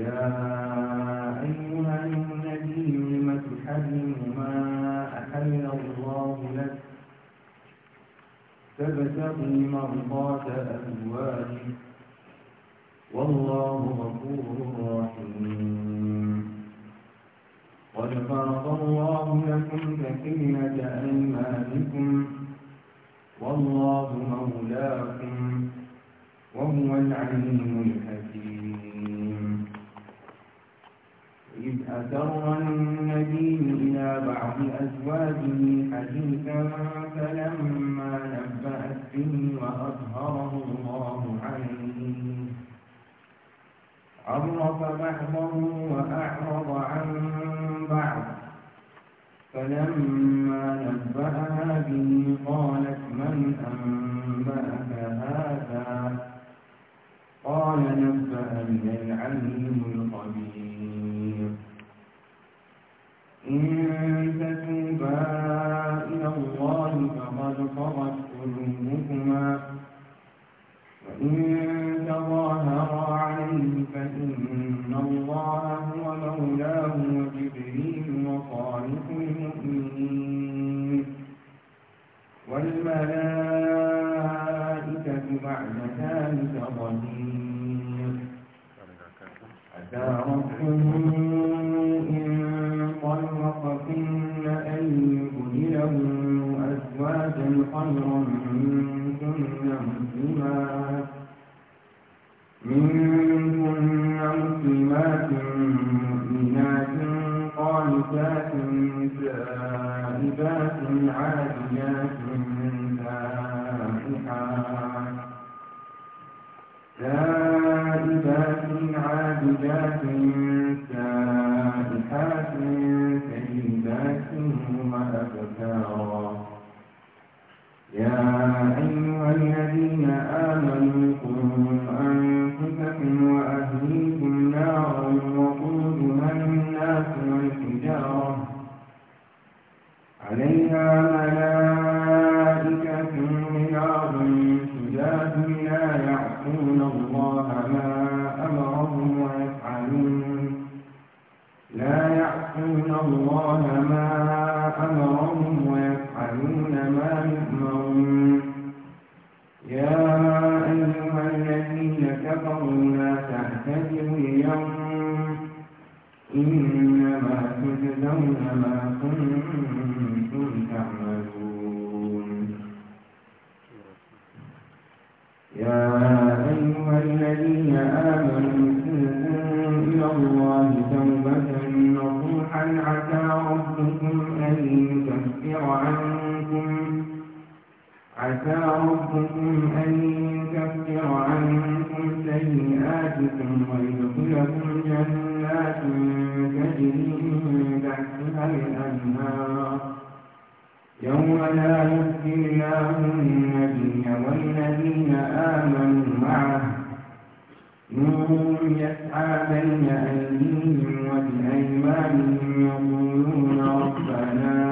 يا أيها النبي لم تحرم ما أحل الله لك تبتغي مرضات أزواجك والله غفور رحيم قد فرض الله لكم تكلمة أيمانكم والله مولاكم وهو العليم الحكيم أسر النبي إلى بعض أزواجه حديثا فلما نبأت به وأظهره الله عليه عرف بعضه وأعرض عن بعض فلما نبأها به قالت من أنبأك هذا قال نبأني العليم إن تتوبا إلى الله فقد فرت قلوبكما وإن تظاهرا عليه فإن الله هو مولاه وجبريل وصالح المؤمنين والملائكة بعد ذلك ظهير أتى أشفقتن أن يبدلهن أزواجا خيرا منهن مسلمات مسلمات مؤمنات قانتات سائبات عاديات سائبات عابدات سائبات سيئات سيئات وأبكارا يا أيها الذين آمنوا قلوا أنفسكم وأهليكم نارا وقودها الناس والحجارة عليها ملائكة تجزون ما كنتم تعملون يا أيها الذين آمنوا توبوا إلى الله توبة نصوحا عسى ربكم أن يكفر عنكم سيئاتكم ويدخلكم جنات تجري من الأنهار يوم لا يؤتي الله النبي والذين آمنوا معه نور يسعى بين أيديهم وبأيمانهم يقولون ربنا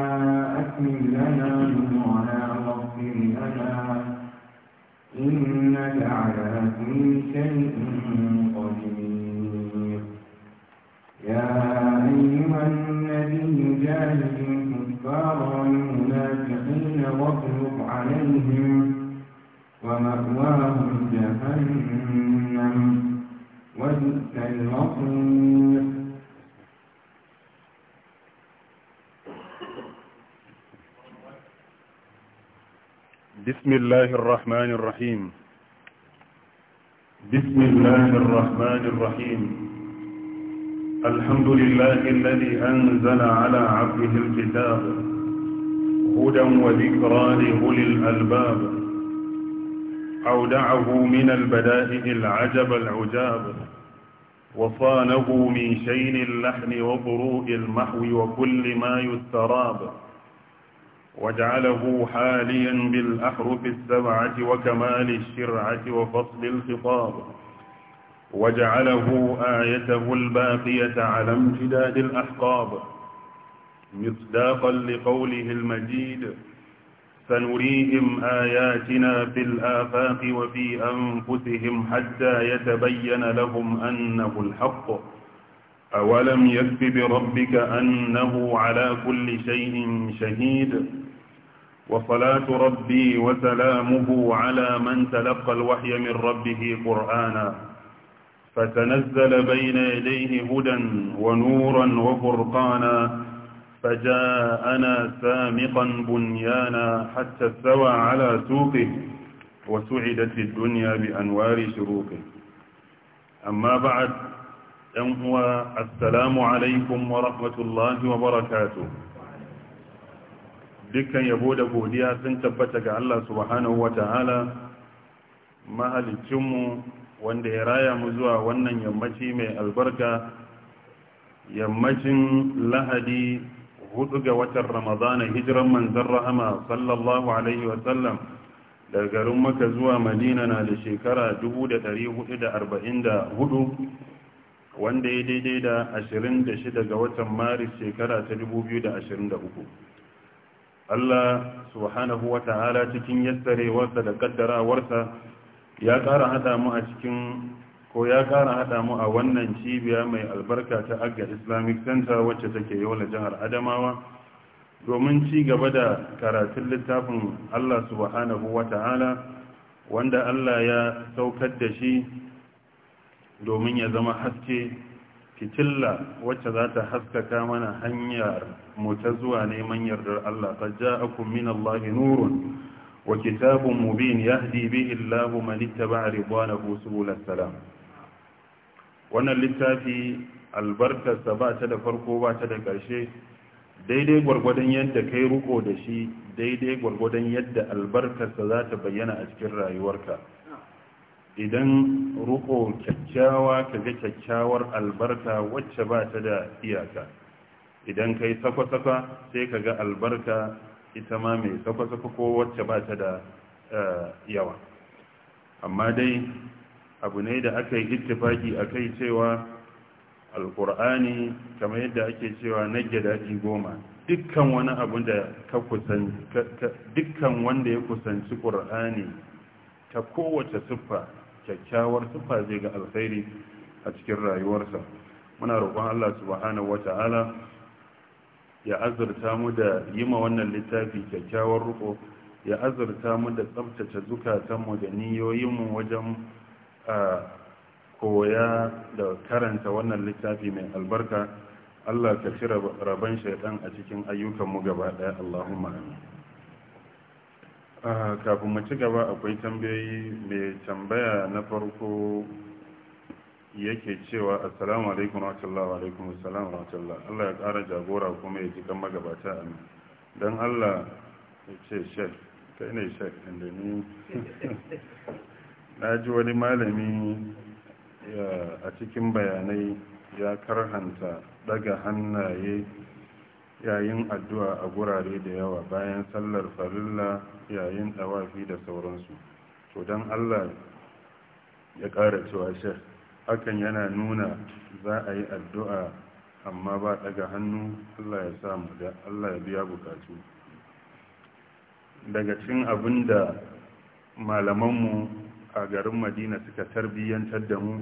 واغلق عليهم ومأواهم جهنم وجدت المصير بسم الله الرحمن الرحيم بسم الله الرحمن الرحيم الحمد لله الذي أنزل على عبده الكتاب هدى وذكرى لأولي الألباب أودعه من البدائع العجب العجاب وصانه من شين اللحن وضروء المحو وكل ما يستراب وجعله حاليا بالأحرف السبعة وكمال الشرعة وفصل الخطاب وجعله آيته الباقية على امتداد الأحقاب مصداقا لقوله المجيد سنريهم آياتنا في الآفاق وفي أنفسهم حتى يتبين لهم أنه الحق أولم يكف بربك أنه على كل شيء شهيد وصلاة ربي وسلامه على من تلقى الوحي من ربه قرآنا فتنزل بين يديه هدى ونورا وفرقانا فجاءنا سامقا بنيانا حتى استوى على سوقه وسعدت الدنيا بأنوار شروقه أما بعد هو السلام عليكم ورحمة الله وبركاته dukkan yabo da godiya sun tabbata ga Allah subhanahu wa ta'ala mahalicinmu wanda ya raya mu zuwa wannan yammaci mai albarka yammacin lahadi hudu ga watan ramadana hijiran manzan rahama sallallahu alaihi wasallam daga garin maka zuwa madina na da shekara 1444 wanda ya daidai da 26 ga watan maris shekara ta 2023 Allah subhanahu wa ta'ala cikin yastarewarsa da kaddarawarsa ya ƙara hada mu a cikin ko ya kara hada mu a wannan cibiya mai albarka ta agga islamic center wacce take yau da jihar adamawa domin ci gaba da karatun littafin allah subhanahu wa ta'ala wanda allah ya saukar da shi domin ya zama haske fitilla wacce za ta haskaka mana hanyar mu ta zuwa neman yardar Allah ta ja min Allah nurun wa kitabun mubin yahdi bihi Allah man ittaba'a ridwanahu subul salam wannan littafi albarkarsa ba ta da farko ba ta da ƙarshe daidai gwargwadon yadda kai ruko da shi daidai gwargwadon yadda albarkarsa za ta bayyana a cikin rayuwarka idan ruko kyakkyawa ka ga kyakkyawar albarka wacce ba ta da iyaka idan kai sakwa-sakwa sai ka ga albarka ita ma mai sakwa-sakwa ko wacce ba ta da eh, yawa amma dai abu ne da aka yi ittifaki a kai cewa alkur'ani kamar yadda ake cewa na nage daɗi goma dukkan wani abu da ka dukkan wanda ya kusanci ƙur'ani ta kowace siffa kyakkyawar siffa zai ga alkhairi a cikin rayuwarsa muna roƙon Allah subhanahu wata'ala ya azurta mu da yi ma wannan littafi kyakkyawar ruko ya azurta mu da tsabtace zukatanmu da niyoyinmu wajen A koya da karanta wannan littafi mai albarka Allah ka ci rabon shaidan a cikin ayyukanmu gaba ɗaya Allahumma amin kafin mu ci gaba akwai tambayi mai tambaya na farko yake cewa assalamu alaikum wa rahmatullahi wa alaikum assalam wa rahmatullahi Allah ya ƙara jagora kuma ya ji kan magabata amin don Allah ya ce shek kai ne shek inda ni na ji wani malami a cikin bayanai ya karhanta daga hannaye yayin addu'a a gurare da yawa bayan sallar farilla yayin dawafi da sauransu to don allah ya ƙara cewa shi hakan yana nuna za a yi addu'a amma ba daga hannu allah ya samu da allah ya biya bukatu daga cin abin da malamanmu a garin madina suka tarbiyyantar da mu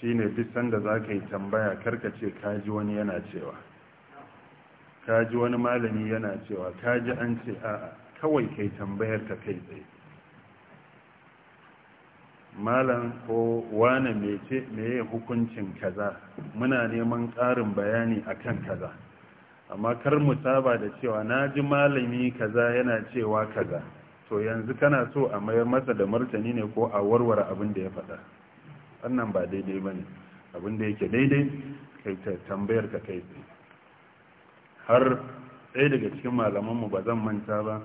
shine duk sanda za ka yi tambaya karkace kaji wani yana cewa kaji wani malami yana cewa kaji an ce a kawai kai tambayar ka kai tsaye malam ko wane mece hukuncin kaza muna neman ƙarin bayani akan kaza amma kar mu saba da cewa na ji malami kaza yana cewa kaza to yanzu kana so a mayar masa da martani ne ko a warware abin da ya faɗa wannan ba daidai ba ne abin da yake daidai kai ta tambayar ka kai tsaye har ɗaya daga cikin malamanmu ba zan manta ba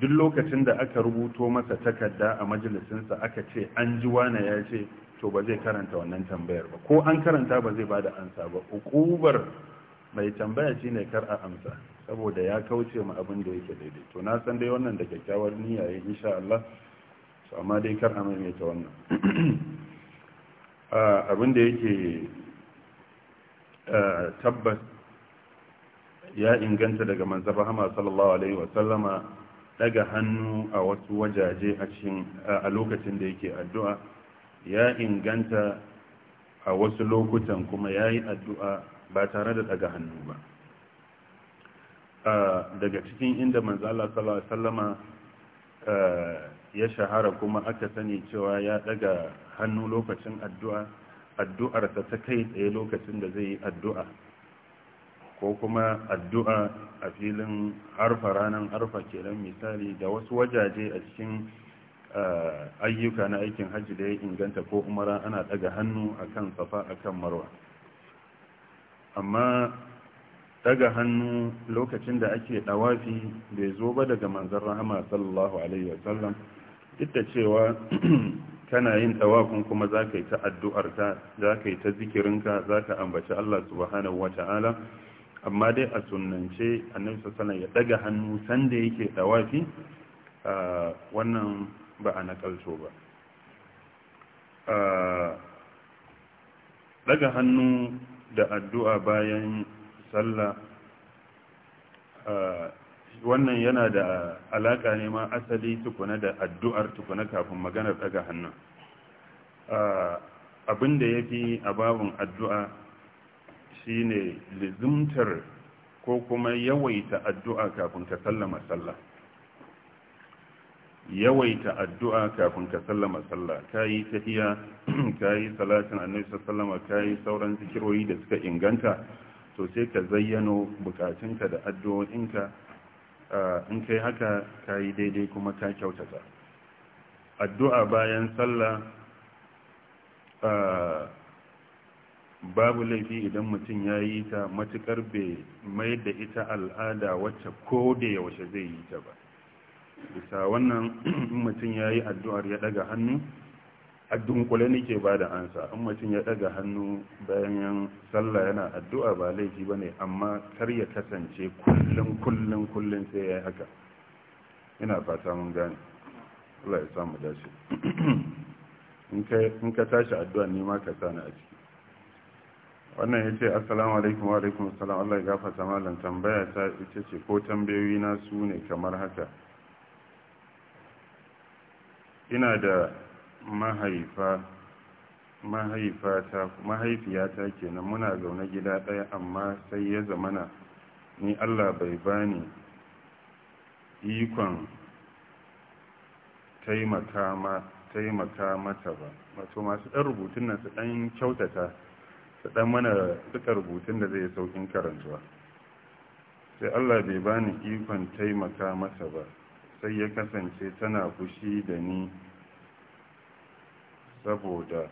duk lokacin da aka rubuto masa takarda a majalisinsa aka ce an ji wane ya ce to ba zai karanta wannan tambayar ba ko an karanta ba zai ba da ansa ba ukubar mai tambaya shi ne kar a amsa saboda ya kauce ma abin da yake daidai to na san dai wannan da kyakkyawar niyya ya insha Allah to amma dai kar a mai ta wannan ah, abin da yake ah, tabbas ya inganta daga manzon Muhammad sallallahu alaihi wa sallama daga hannu a wasu wajaje a cikin lokacin da yake addu'a ya inganta a wasu lokutan kuma ya yi addu'a ba tare da daga hannu ba ah, daga cikin inda manzala sallallahu sallama ah, ya shahara kuma aka sani cewa ya daga hannu lokacin addu'a addu'arsa ta kai tsaye lokacin da zai yi addu'a ko kuma addu'a a filin arfa ranar arfa kenan misali da wasu wajaje a cikin ah, ayyuka na aikin hajji da ya inganta ko umara ana daga hannu akan safa akan marwa amma daga hannu lokacin da ake dawafi bai zo ba daga manzon rahama sallallahu alaihi wasallam duk da cewa kana yin tawafin kuma za ka yi ta addu'arta za ka yi ta zikirinka za ka ambaci Allah subhanahu wa ta'ala amma dai a sunance annabi sallallahu ya daga hannu sanda yake dawafi wannan ba a nakalto ba daga hannu da addu'a bayan sallah wannan yana da alaƙa ne ma asali tukuna da addu'ar tukuna kafin maganar ɗaga hannun abin da ya fi a babin addu'a shi ne ko kuma yawaita addu'a kafin ka sallama sallah yawaita addu'a kafin ka sallama sallah kayi tahiya kayi salatin annabi sallama kayi sauran zikiroyi da suka inganta to sai ka zayyano bukatunka da addu'o'inka in kai haka kayi daidai kuma ka kyautata addu'a bayan sallah babu laifi idan mutum ya yi ta matukar bai mai da ita al'ada wacce ko da yaushe zai yi ta ba bisa wannan mutum ya yi addu'ar ya daga hannu a dunkule nike ba da ansa in mutum ya daga hannu bayan sallah yana addu'a ba laifi ba ne amma kar ya kasance kullum kullum kullum sai ya yi haka ina fata mun gane Allah ya samu dace in ka tashi addu'a ne ma ka sani a ciki wannan ya ce assalamu alaikum wa alaikum assalam Allah ya gafa malam tambaya ta ita ce ko tambayoyi na su ne kamar haka ina da mahaifa mahaifiya mahaifiyata kenan muna zaune gida ɗaya amma sai ya zamana ni Allah bai bani ikon taimaka ma taimaka mata ba wato masu ɗan rubutun nan su ɗan kyautata su ɗan mana duka rubutun da zai saukin karantuwa sai Allah bai bani ikon taimaka masa ba sai ya kasance tana fushi da ni saboda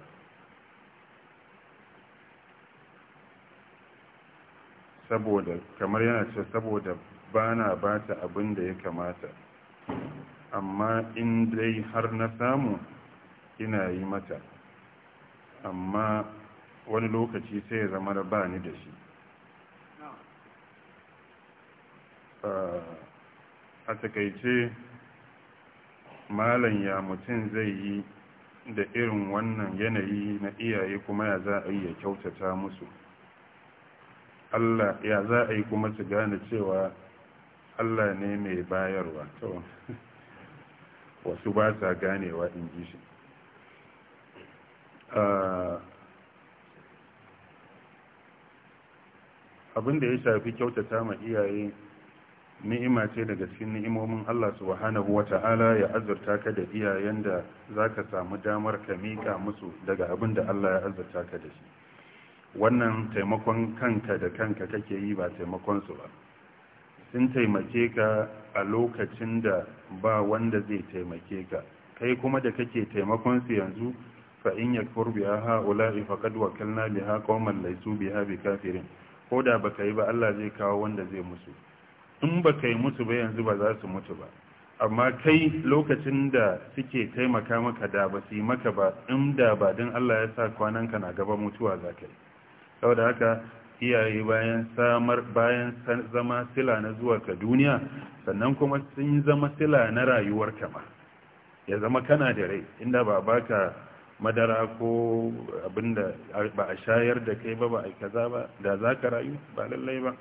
saboda kamar yana ce saboda ba na ba ta abin da ya kamata amma in dai har na samu ina yi mata amma wani lokaci sai ya zama da ba ni da shi a takaice malam ya mutum zai yi da irin wannan yanayi na iyaye kuma ya za a yi ya kyautata musu Allah ya za a yi kuma su gane cewa Allah ne mai bayarwa to wasu ba sa ganewa in ji shi abin da ya shafi kyautata ma iyaye ni'ima ce daga cikin ni'imomin Allah subhanahu ta'ala ya azurta ka da iyayen da zaka samu damar ka mika musu daga abin da Allah ya azurta ka da shi wannan taimakon kanka da kanka kake yi ba taimakon su ba sun taimake ka a lokacin da ba wanda zai taimake ka kai kuma da kake taimakon su yanzu fa in yakfur biha ha'ula'i faqad wakalna biha qauman laysu biha bikafirin ko da baka yi ba Allah zai kawo wanda zai musu in ba yi mutu ba yanzu ba za su mutu ba amma kai lokacin da suke taimaka maka da ba su yi maka ba in da ba don Allah ya sa kwananka na gaba mutuwa za ka yi saboda haka iyaye bayan samar bayan zama sila na zuwa ka duniya sannan kuma sun zama sila na rayuwar ba ya zama kana da rai inda ba baka madara ko abinda ba a shayar da kai ba ba a kaza ba da za ka rayu ba lallai ba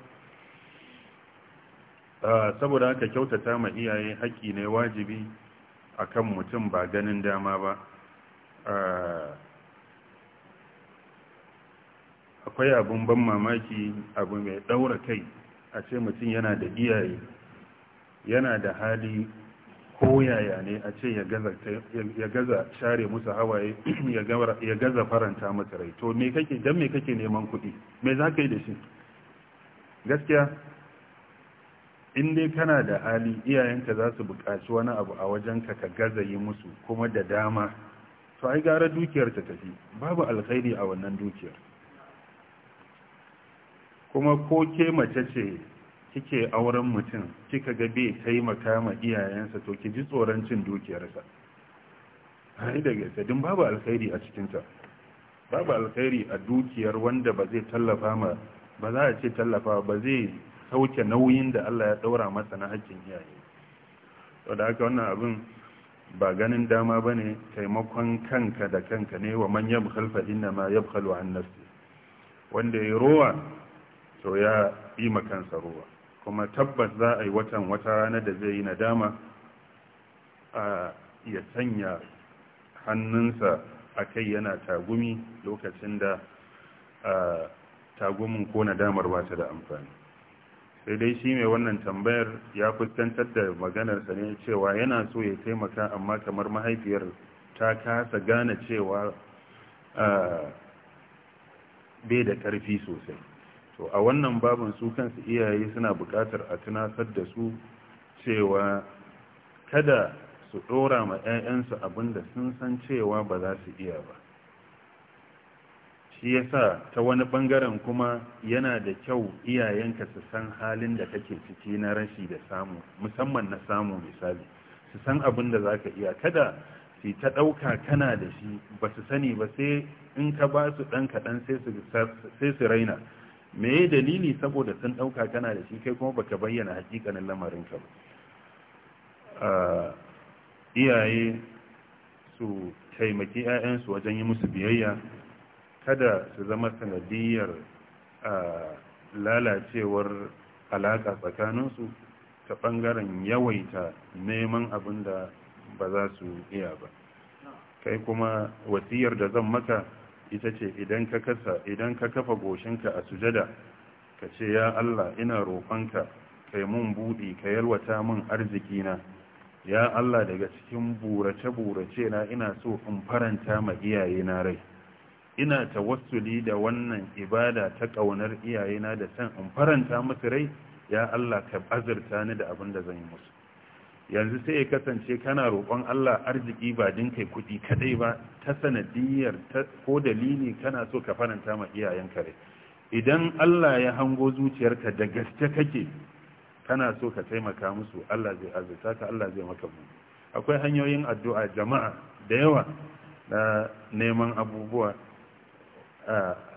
Ah, saboda haka kyautata ma iyaye haƙƙi ne wajibi akan mutum ba ganin dama ba ah, akwai abin ban mamaki abu mai ɗaura kai a ce mutum yana da iyaye yana da hali ko yaya ne a ce ya gaza share musu hawaye ya gaza faranta musu rai to me kake don me kake neman kuɗi me za ka yi da shi gaskiya in dai kana da hali iyayenka za su buƙaci wani abu a wajenka ka gaza yi musu kuma da dama to ai gara dukiyar ta tafi babu alkhairi a wannan dukiyar kuma ko ke mace ce kike auren mutum kika ga bai taimaka ma iyayensa to ki ji tsoron cin dukiyarsa ai da gaske din babu alkhairi a cikinta babu alkhairi a dukiyar wanda ba zai tallafa ma ba za a ce tallafa ba zai sauke nauyin da Allah ya ɗaura masa na haƙƙin iyaye to da haka wannan abin ba ganin dama ba ne taimakon kanka da kanka ne wa man yabkhal inna ma yabkhalu an nafsi wanda ya rowa to ya yi makansa rowa kuma tabbas za a yi watan wata rana da zai yi nadama a ya sanya hannunsa a kai yana tagumi lokacin da tagumin ko nadamar ba ta da amfani sai dai shi mai wannan tambayar ya fuskantar da maganarsa ne cewa yana so ya taimaka amma kamar mahaifiyar ta kasa gane cewa bai da ƙarfi sosai to a wannan babin su kansu iyaye suna buƙatar a tunasar da su cewa kada su ɗora ma 'ya'yansu abinda sun san cewa ba za su iya ba shi yasa ta wani bangaren kuma yana da kyau iyayenka su san halin da kake ciki na rashi da samu musamman na samu misali su san abin da za ka iya kada su ta ɗauka kana da shi ba su sani ba sai in ka ba su ɗan kaɗan sai su raina me dalili saboda sun ɗauka kana da shi kai kuma baka bayyana hakikanin lamarinka ba iyaye su taimaki 'ya'yansu wajen yi musu biyayya kada su zama sanadiyar lalacewar alaƙa tsakaninsu ta ɓangaren yawaita neman abin da ba za su iya ba kai kuma wasiyar da zan maka ita ce idan ka kafa goshinka a sujada ka ce ya Allah ina roƙonka kai mun buɗi ka yalwata min arzikina ya Allah daga cikin burace-burace na ina so in faranta ma iyayena rai ina tawassuli da wannan ibada ta ƙaunar iyayena da san in faranta musu rai ya Allah ka azurta ni da abin da zan yi musu yanzu sai ya kasance kana roƙon Allah arziki ba din kai kuɗi kadai ba ta sanadiyar ko dalili kana so ka faranta ma iyayenka rai idan Allah ya hango zuciyarka da gaske kake kana so ka taimaka musu Allah zai azurta ka Allah zai maka mu akwai hanyoyin addu'a jama'a da yawa na neman abubuwa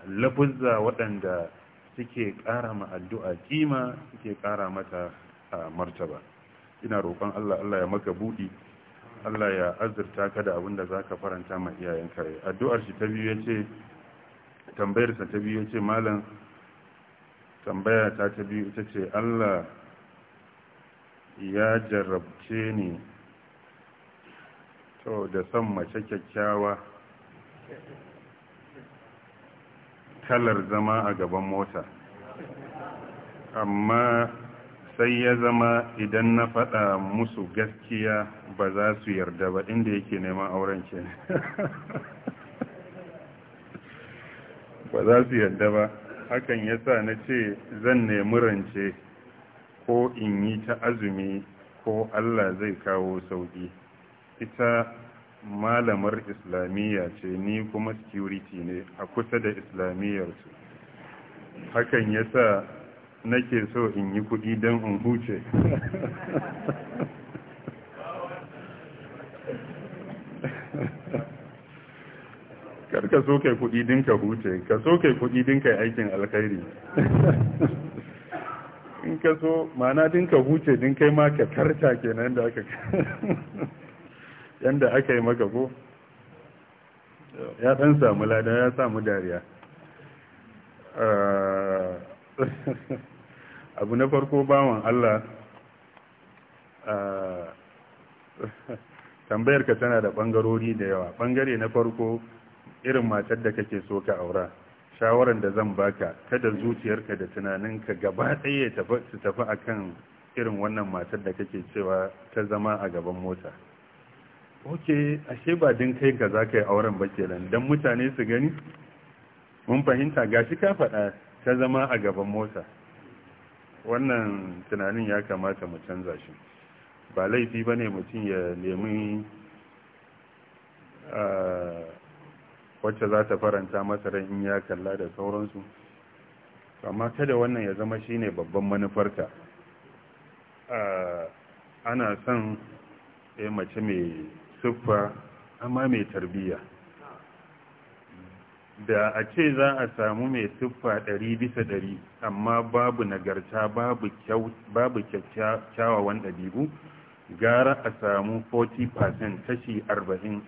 lafuzza waɗanda suke ƙara ma addu'a kima suke ƙara mata a martaba ina roƙon Allah Allah ya maka buɗi Allah ya azurta ka da abinda zaka za ka faranta ma iyayenka rai addu'ar shi ta biyu ya ce tambayarsa ta biyu ya ce malam tambaya ta ta biyu ita ce Allah ya jarabce ni to da son mace kyakkyawa kalar zama a gaban mota amma sai ya zama idan na faɗa musu gaskiya ba za su yarda ba inda yake neman auren ke ba za su yarda ba hakan ya sa na ce zan nemi rance ko in yi ta azumi ko Allah zai kawo sauƙi ita malamar islamiyya ce ni kuma security ne a kusa da islamiyyarsu hakan ya sa nake so in yi kudi don in huce ka so kai kudi din ka huce ka so kai kudi din kai aikin alkhairi in ka so ma'ana din ka huce din kai ma ka karta kenan da aka yanda aka yi maka ko ya ɗan samu lada ya samu dariya ah, abu na farko bawan Allah ah, tambayar ka tana da bangarori da yawa bangare na farko irin matar da kake so ka aura shawaran da zan baka kada zuciyarka da tunaninka gaba ɗaya su tafi akan irin wannan matar da kake cewa ta zama a gaban mota ok ashe ba din kai ka za ka yi auren ba kenan don mutane su gani mun fahimta gashi ka faɗa ta zama a gaban mota wannan tunanin ya kamata mu canza shi ba laifi ba ne mutum ya nemi wacce za ta faranta masa ran in ya kalla da sauransu amma kada wannan ya zama shine babban manufarka ana son eh, mace mai siffa amma mai tarbiyya da a ce za a samu mai siffa ɗari bisa ɗari amma babu nagarta babu kyawawan ɗabi'u gara a samu 40% kashi 40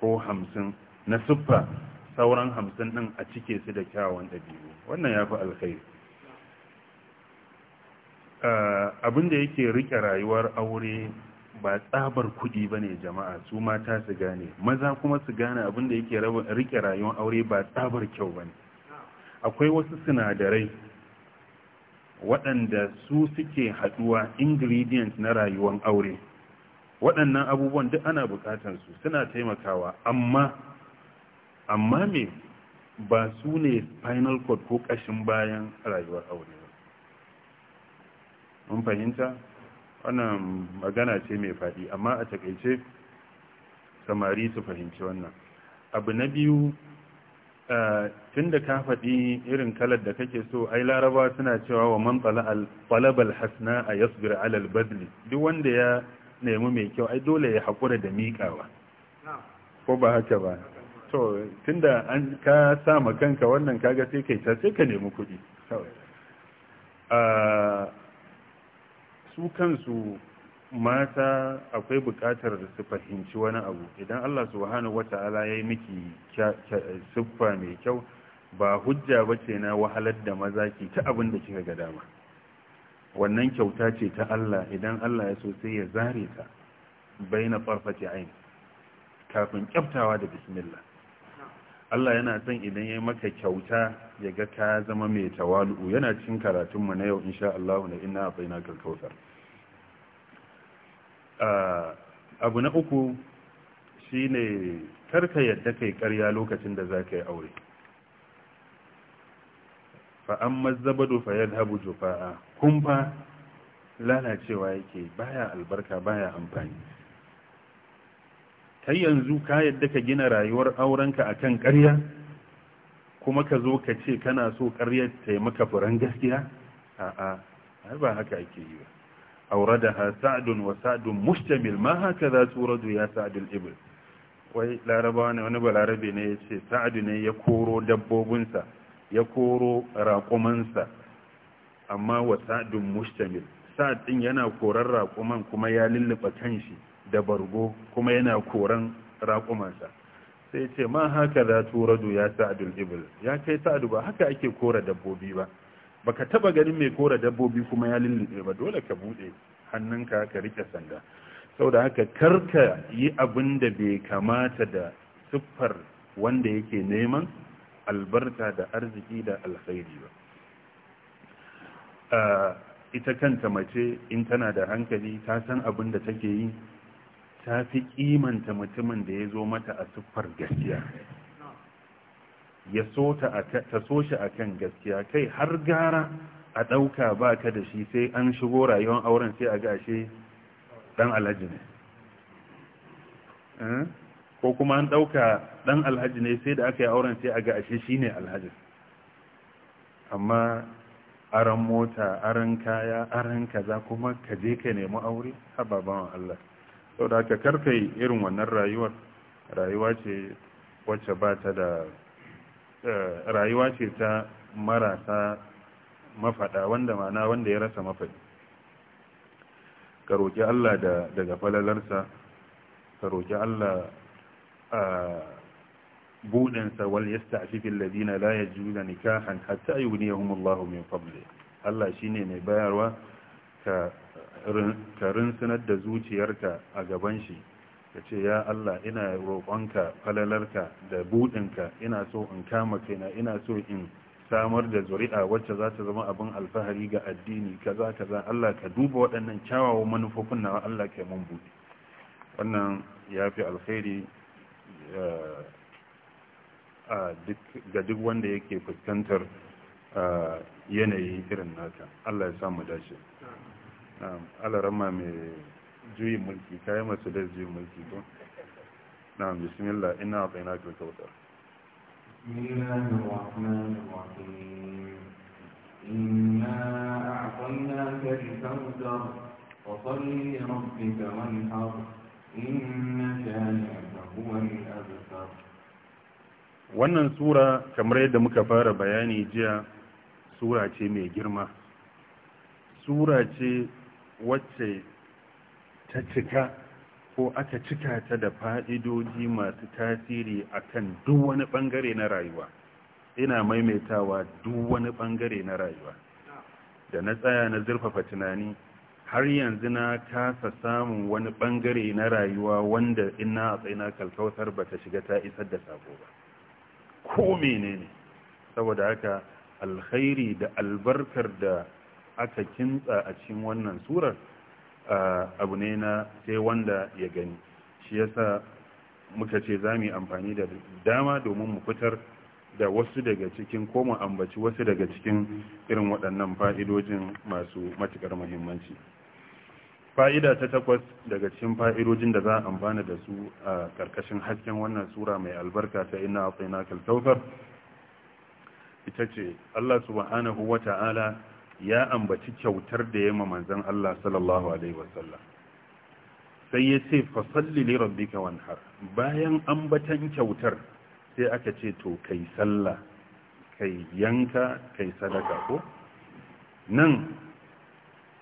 ko 50 na siffa sauran 50 ɗin a cike su da kyawawan ɗabi'u wannan ya fi alkhairi ah, abinda da yake rike rayuwar aure ba tsabar kuɗi ba ne jama'a su mata su gane maza kuma su gane abin da yake rike rayuwar aure ba tsabar kyau ba ne akwai wasu sinadarai waɗanda su suke haɗuwa ingredient na rayuwar aure waɗannan abubuwan duk ana buƙatar su suna taimakawa amma amma me ba su ne spinal cord ko ƙashin bayan rayuwar aure ba mun fahimta wannan magana ce mai faɗi amma a takaice samari su fahimci wannan abu na biyu eh, tun da ka faɗi irin kalar da kake so ai laraba suna cewa wa man talabal hasna a yasbir alal badli duk wanda ya nemi mai kyau ai dole ya haƙura da miƙawa ko ba haka ba to tunda an ka sa kanka wannan kaga sai kai ta sai ka nemi kuɗi su kansu mata akwai bukatar da su fahimci wani abu idan Allah subhanahu wata'ala ya yi miki siffa mai kyau ba hujja ba ce na wahalar da maza ke ta abin da kika ga dama wannan kyauta ce ta Allah idan Allah ya so sai ya zare ta baina farfati ain kafin kyaftawa da bismillah Allah yana son idan ya maka kyauta ya ga ta zama mai tawalu'u yana cin karatunmu na yau insha Allah na ina baina kalkautar abu na uku shine karka yadda kai karya lokacin da za ka yi aure fa'an mazzabado fayar habu jufa'a kumfa lalacewa yake baya albarka baya amfani kai yanzu ka yadda ka gina rayuwar aurenka a kan karya kuma ka zo ka ce kana so ƙaryar ta maka furen gaskiya a'a har ba haka ake yi ba ha sa'dun wa sa'dun mustamil ma haka za su radu ya sa'dul ibl wai larabawa ne wani balarabe ne ya ce sa'adu ne ya koro dabbobinsa ya koro raƙumansa amma wa sa'dun mustamil sa'ad din yana koran raƙuman kuma ya lulluɓa kanshi da bargo kuma yana koran raƙumansa sai ce ma haka za turadu ya sa'adul ibil ya kai sa'adu ba haka ake kora dabbobi ba baka taba ganin mai kora dabbobi kuma ya lullube ba dole ka buɗe hannunka ka rike sanda saboda haka kar ka yi abin da bai kamata da siffar wanda yake neman albarka da arziki da alkhairi ba ah, ita kanta mace in tana da hankali ta san abin da take yi ta fi kimanta mutumin da ya zo mata a siffar gaskiya ya so ta so shi a kan gaskiya kai har gara a ɗauka ba ka da shi sai an shigo rayuwar auren sai a gashe ɗan alhaji ne eh? ko kuma an ɗauka ɗan alhaji ne sai da aka yi auren sai a gashe shi ne alhaji amma aran mota aran kaya aran kaza kuma ka je ka nemi aure hababan Allah sau da aka karkai irin wannan rayuwar rayuwa ce wacce ba ta da eh, rayuwa ce ta marasa mafaɗa wanda mana wanda ya rasa mafaɗi ka roƙi Allah daga falalarsa ka roƙi Allah a buɗinsa wal yasta a fifin ladina la ya juna nikahan hatta yi wuni ya humun min Allah shi ne mai bayarwa ka ta rinsunar da zuciyarka a gaban shi ka ce ya Allah ina roƙonka falalarka da buɗinka ina so in kama kaina ina so in samar da zuri'a wacce za ta zama abin alfahari ga addini kaza kaza Allah ka duba waɗannan kyawawan manufofin na Allah ka mun buɗe wannan ya fi alkhairi eh, ga duk wanda yake fuskantar eh, yanayi irin naka Allah ya samu dace alarama mai juyin mulki kayan masu da juyin mulki ko na bismillah ina a tsayina na إنا أعطيناك الكوثر فصل wannan sura kamar yadda muka fara bayani jiya sura ce mai girma sura ce wacce ta cika ko aka cika ta da fa'idodi masu tasiri kan duk wani ɓangare na rayuwa ina maimaitawa duk wani ɓangare na rayuwa da na tsaya na zurfafa tunani har yanzu na kasa samun wani ɓangare na rayuwa wanda ina a tsaina kalkautar ba ta shiga ta isar da sako ba ko menene saboda haka alkhairi da albarkar da aka kintsa a cikin wannan surar abu ne na sai wanda ya gani shi yasa muka ce za mu yi amfani da dama domin mu fitar da wasu daga cikin ko ambaci wasu daga cikin irin waɗannan fa'idojin masu matuƙar muhimmanci fa'ida ta takwas daga cikin fa'idojin da za a amfana da su a ƙarƙashin hasken wannan sura mai albarka ta ina a na taukar ita ce allah subhanahu wa ta'ala ya ambaci kyautar da ya ma manzon Allah sallallahu alaihi wasallam sai ya ce fasalli li rabbika wanhar bayan ambatan kyautar sai aka ce to kai sallah kai yanka kai sadaka ko nan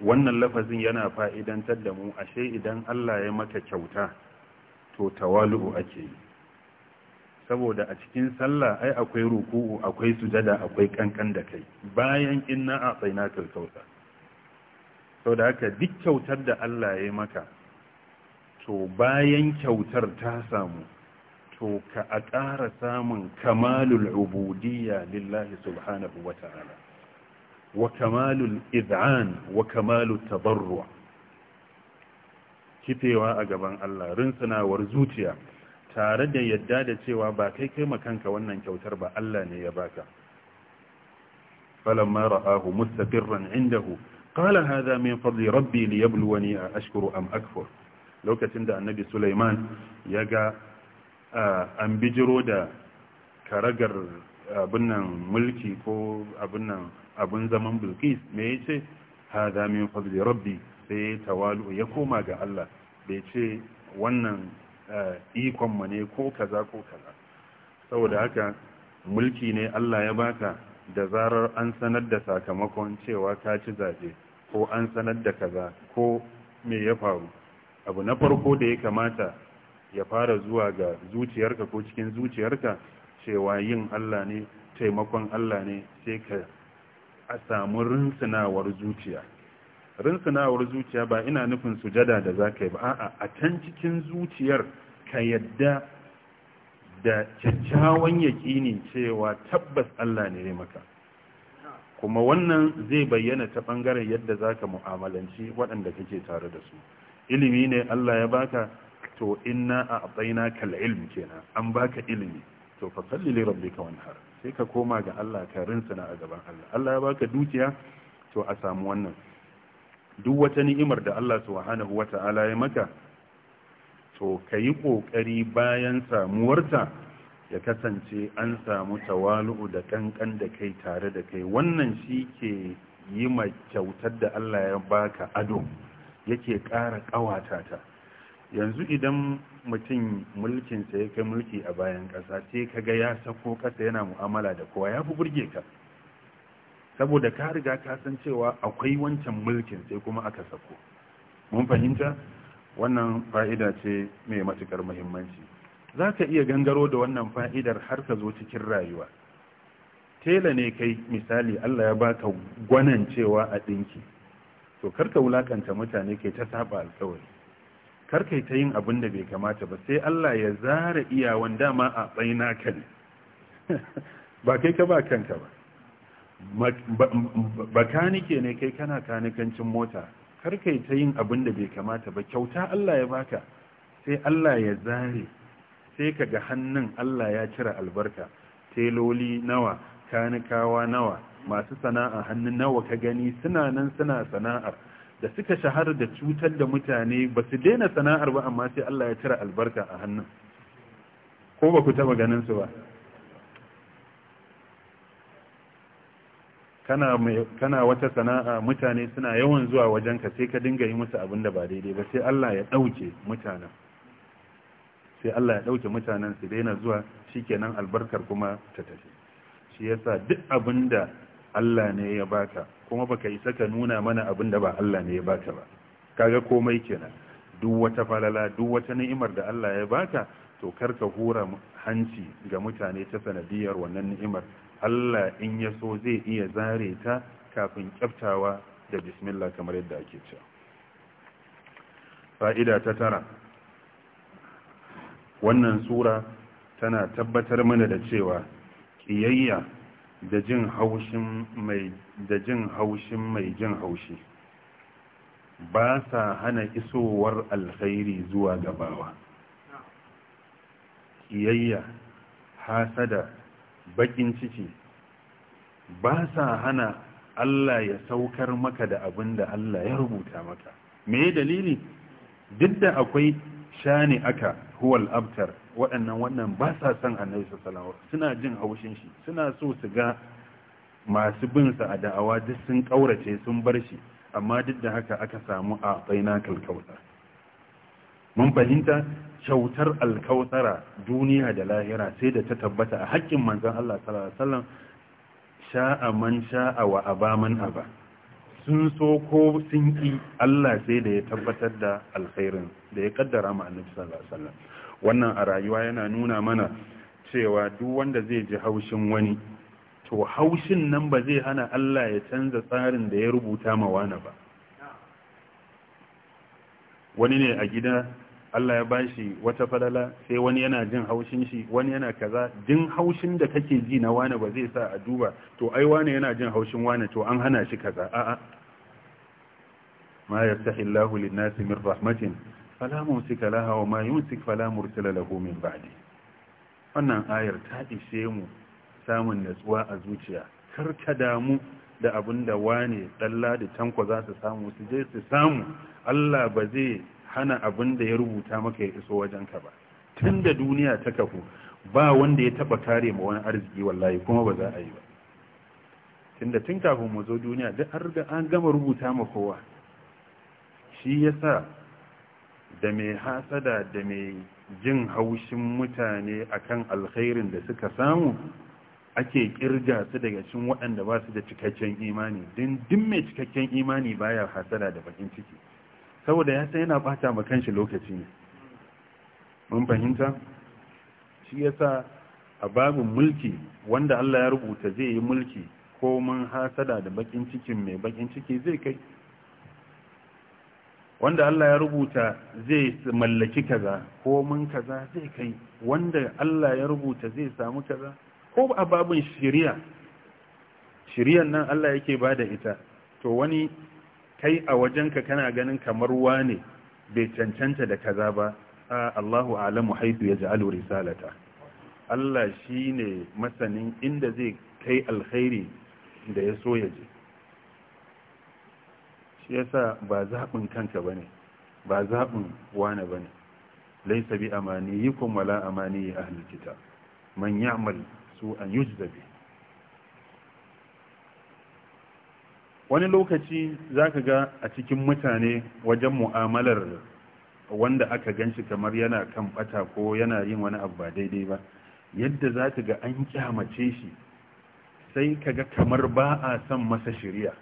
wannan lafazin yana fa'idantar da mu ashe idan Allah ya maka kyauta to tawalu ake yi saboda a cikin sallah ai akwai ruku'u akwai sujada akwai kankan da kai bayan inna a tsainakal kausa sau da haka duk kyautar da Allah ya yi maka to bayan kyautar ta samu to ka a ƙara samun kamalul ubudiyya lillahi subhanahu wa ta'ala wa kamalul iz'an wa kamalul tabarruwa kifewa a gaban Allah rinsunawar zuciya tare da yadda da cewa ba kai kai makanka wannan kyautar ba Allah ne ya baka falamma ra'ahu mustaqirran indahu qala hadha min fadli rabbi liyabluwani a ashkuru am akfur lokacin da annabi Sulaiman ya ga an bijiro da karagar abin nan mulki ko abin zaman Bilqis me yace hadha min fadli rabbi sai tawalu ya koma ga Allah bai ce wannan Eh, ikonmu ne ko kaza ko kaza saboda haka mulki ne Allah ya baka da zarar an sanar da sakamakon cewa ka ci zaje ko an sanar da kaza ko me ya faru abu na farko da ya kamata ya fara zuwa ga zuciyarka ko cikin zuciyarka cewa yin Allah ne taimakon Allah ne sai ka a samu rinsunawar zuciya rinsunawar zuciya ba ina nufin sujada da za ka yi ba a'a a can cikin zuciyar ka yadda da kyakkyawan yaƙini cewa tabbas Allah ne ya maka kuma wannan zai bayyana ta ɓangaren yadda za ka mu'amalanci waɗanda kake tare da su ilimi ne Allah ya baka to inna a kal ilmi kenan an baka ilimi to fa salli li rabbika wanhar sai ka koma ga Allah ka rinsuna a gaban Allah Allah ya baka dukiya to a samu wannan duk wata ni'imar da Allah subhanahu ta'ala ya maka to ka yi ƙoƙari bayan samuwarta ya kasance an samu tawalu'u da ƙanƙan da kai tare da kai wannan shi ke yi ma kyautar da Allah ya baka ado yake ƙara ƙawata ta yanzu idan mutum mulkinsa ya kai mulki a bayan ƙasa sai kaga ya sako ƙasa yana mu'amala da kowa ya fi burge ka saboda ka riga ka san cewa akwai wancan mulkin sai kuma aka sako mun fahimta wannan fa'ida ce mai matukar muhimmanci za ka iya gangaro da wannan fa'idar har ka zo cikin rayuwa tela ne kai misali Allah ya baka gwanan cewa a ɗinki. to kar ka wulakanta mutane kai ta saba alƙawari karka ta yin abin da bai kamata ba sai Allah ya zara iyawan dama a tsaina ka ba kai ka ba kanka ba bakanike ne kai kana kanikancin mota kar kai ta yin abin da bai kamata ba kyauta Allah ya baka sai Allah ya zare sai ka ga hannun Allah ya cire albarka teloli nawa kanikawa nawa masu sana'a hannun nawa ka gani suna nan suna sana'ar da suka shahara da cutar da mutane ba su daina sana'ar ba amma sai Allah ya cire albarka a hannun ko ba ku taba ganin su ba kana wata sana'a mutane suna yawan zuwa wajen ka sai ka dinga yi musu abin da ba daidai ba sai Allah ya ɗauke mutanen sai Allah ya dauke mutanen su daina zuwa shikenan albarkar kuma ta tafi shi yasa duk abin da Allah ne ya baka kuma baka isa ka nuna mana abin da ba Allah ne ya baka ba kaga komai kenan duk wata falala duk wata ni'imar da Allah ya baka to karka hura hanci ga mutane ta sanadiyar wannan ni'imar Allah in ya so zai iya zare ta kafin kyaftawa da bismillah kamar yadda ake cewa fa'ida ta tara wannan sura tana tabbatar mana da cewa ƙiyayya da jin haushin mai da jin haushin mai jin haushi ba sa hana isowar alkhairi zuwa gabawa ƙiyayya hasada bakin ciki ba sa hana Allah ya saukar maka da abin da Allah ya rubuta maka me dalili duk da akwai shani aka huwal abtar waɗannan wannan ba sa son annabi sallallahu suna jin haushin shi suna so su ga masu bin sa a da'awa duk sun kaurace sun bar shi amma duk da haka aka samu a tsaina kalkauta mun fahimta kyautar alkautara duniya da lahira sai da ta tabbata a haƙƙin manzon Allah sallallahu alaihi wasallam sha'a man sha'a wa aba man aba sun so ko sun ki Allah sai da ya tabbatar da alkhairin da ya kaddara ma annabi sallallahu alaihi wannan a rayuwa yana nuna mana cewa duk wanda zai ji haushin wani to haushin nan ba zai hana Allah ya canza tsarin da ya rubuta ma wani ba wani ne a gida Allah ya bashi wata falala sai wani yana jin haushin shi wani yana kaza jin haushin da kake ji na wane ba zai sa a duba to ai wane yana jin haushin wane to an hana shi kaza a'a ma yastahi Allahu lin-nasi min rahmatin fala mumsika laha wa ma yumsik fala mursila lahu min ba'di wannan ayar ta ishe mu samun natsuwa a zuciya kar ka damu da da wane dalla da tanko za su samu su je su samu Allah ba zai hana abin da ya rubuta maka ya iso wajenka ba tun da duniya ta kafu ba wanda ya taba kare ma wani arziki wallahi kuma ba za a yi ba tun tun kafin mu zo duniya duk an riga an gama rubuta ma kowa shi yasa da mai hasada da mai jin haushin mutane akan alkhairin da suka samu ake kirga su daga cikin waɗanda ba su da cikakken imani din din mai cikakken imani baya hasada da bakin ciki saboda ya san yana bata ma kanshi lokaci ne mun fahimta shi yasa a babin mulki wanda Allah ya rubuta zai yi mulki ko mun hasada da bakin cikin mai bakin ciki zai kai wanda Allah ya rubuta zai mallaki kaza ko mun kaza zai kai wanda Allah ya rubuta zai samu kaza ko a babin shari'a shari'an nan Allah yake bada ita to wani kai a wajenka kana ganin kamar wane bai cancanta da kaza ba Allahu alamu haitu ya ja'alu risalata Allah shine masanin inda zai kai alkhairi da ya so ya je shi yasa ba zaɓin kanka bane ba zaɓin wane bane laysa bi amaniyikum wala amani ahli kitab man ya'mal su an yujza wani lokaci za ka ga a cikin mutane wajen mu'amalar wanda aka ganshi kamar yana kan bata ko yana yin wani abu ba daidai ba yadda za ka ga an kyamace shi sai ka ga kamar ba a son masa shirya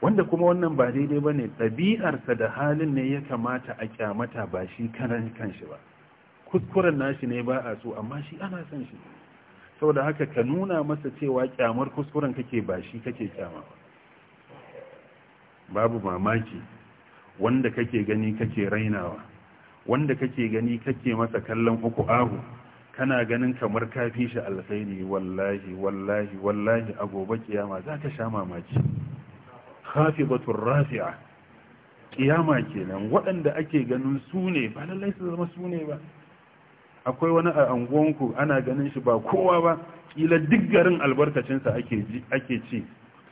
wanda kuma wannan ba daidai ba ne ɗabi'arsa da halin ne ya kamata a kyamata ba shi kanan kanshi ba kuskuren nashi ne ba a so amma shi ana son shi saboda haka ka nuna masa cewa kyamar kuskuren kake ba shi kake kyama babu mamaki wanda kake gani kake rainawa wanda kake gani kake masa kallon uku ahu kana ganin kamar ka fi shi alkhairi wallahi wallahi wallahi a gobe kiyama za ka sha mamaki batun rafi'a kiyama kenan waɗanda ake ganin su ne ba lallai su zama su ne ba akwai wani a unguwanku ana ganin shi ba kowa ba kila duk garin albarkacinsa ake ci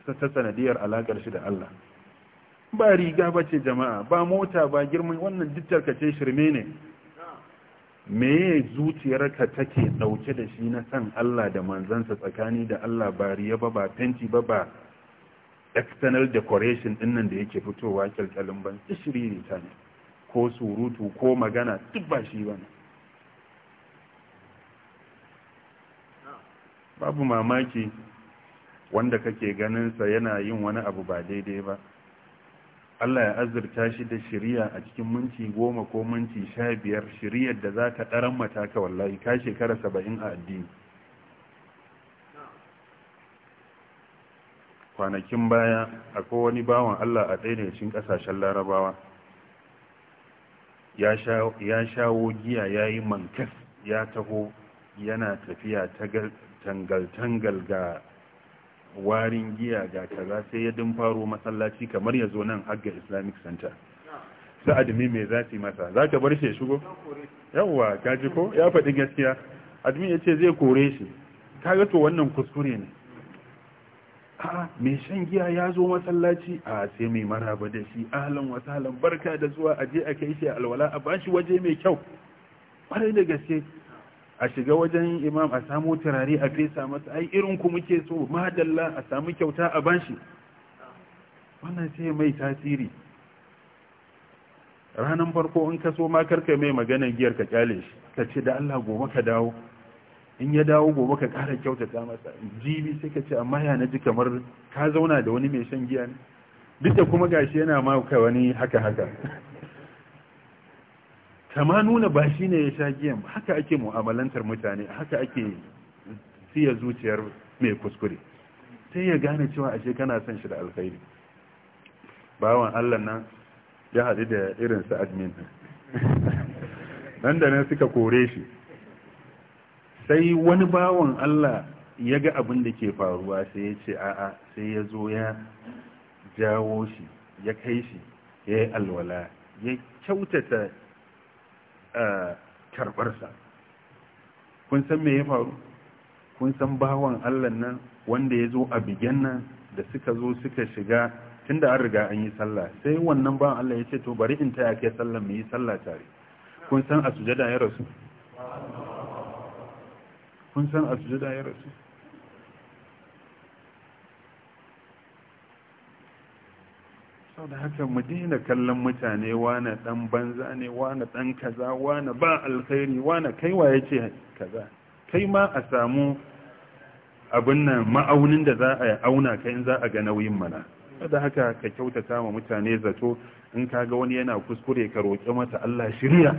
ta sanadiyar alakar shi da Allah ba riga ba ce jama'a ba mota ba girman wannan ce shirme ne Me meye zuciyarka take dauke da shi na san Allah da manzansa tsakani da Allah ba riya ba ba fenti ba ba external decoration dinnan da yake fitowa kyalkyalin ban ne ta ne ko surutu ko magana duk ba shi ba babu mamaki wanda kake ganinsa yana yin wani abu ba daidai ba Allah ya azurta shi da shiriya a cikin minti goma ko minti sha biyar shiriyar da za ta ɗaran mataka wallahi ka shekara saba'in a addini kwanakin baya akwai wani bawan Allah a ɗaya cikin ƙasashen larabawa ya shawo giya ya yi mankas ya taho yana tafiya tangal-tangal ga warin giya ga kaza sai ya faro masallaci kamar ya zo nan hagga islamic center sa'admi mai zafi masa za ka bar shi ya shigo yawwa kaji ko ya faɗi gaskiya admin ya ce zai kore shi kaga to wannan kuskure ne a mai shan giya ya zo masallaci a sai mai maraba da shi ahalin wasalan barka da zuwa aje a kai shi alwala a ba shi waje mai kyau ƙwarai da gaske a shiga wajen imam a samu turare a fesa masa ai irin ku muke so madalla a samu kyauta a bashi wannan sai mai tasiri Ranar farko in ka so ma ka mai maganar giyar ka kyale shi ka ce da Allah gobe ka dawo in ya dawo gobe ka kara kyautata masa jibi sai ka ce amma ya ji kamar ka zauna da wani mai shan giya ne duk da kuma gashi yana ma wani haka haka kama nuna ba shi ne ya sha giyan haka ake mu'amalantar mutane haka ake siya zuciyar mai kuskure sai ya gane cewa ashe kana son shi da alkhairi bawan allah nan ya haɗu da irin irinsa admin nan da nan suka kore shi sai wani bawan allah ya ga abin da ke faruwa sai ya ce a'a sai ya zo ya jawo shi ya kai shi ya yi alwala ya kyautata karɓarsa kun san me ya faru kun san bawan allah nan wanda ya zo a bigen nan da suka zo suka shiga tun da an riga an yi sallah sai wannan bawan allah ya ce to bari in taya kai sallah mu yi sallah tare kun san a sujada ya rasu kun san a sujada ya rasu sau da haka mu daina kallon mutane wane dan banza ne wane dan kaza wane ba alkhairi wane kaiwa ce kaza kai ma a samu abin nan ma'aunin da za a auna kai in za a ga nauyin mana sau da haka ka kyautata ma mutane zato in ka ga wani yana kuskure ka roƙi mata Allah shirya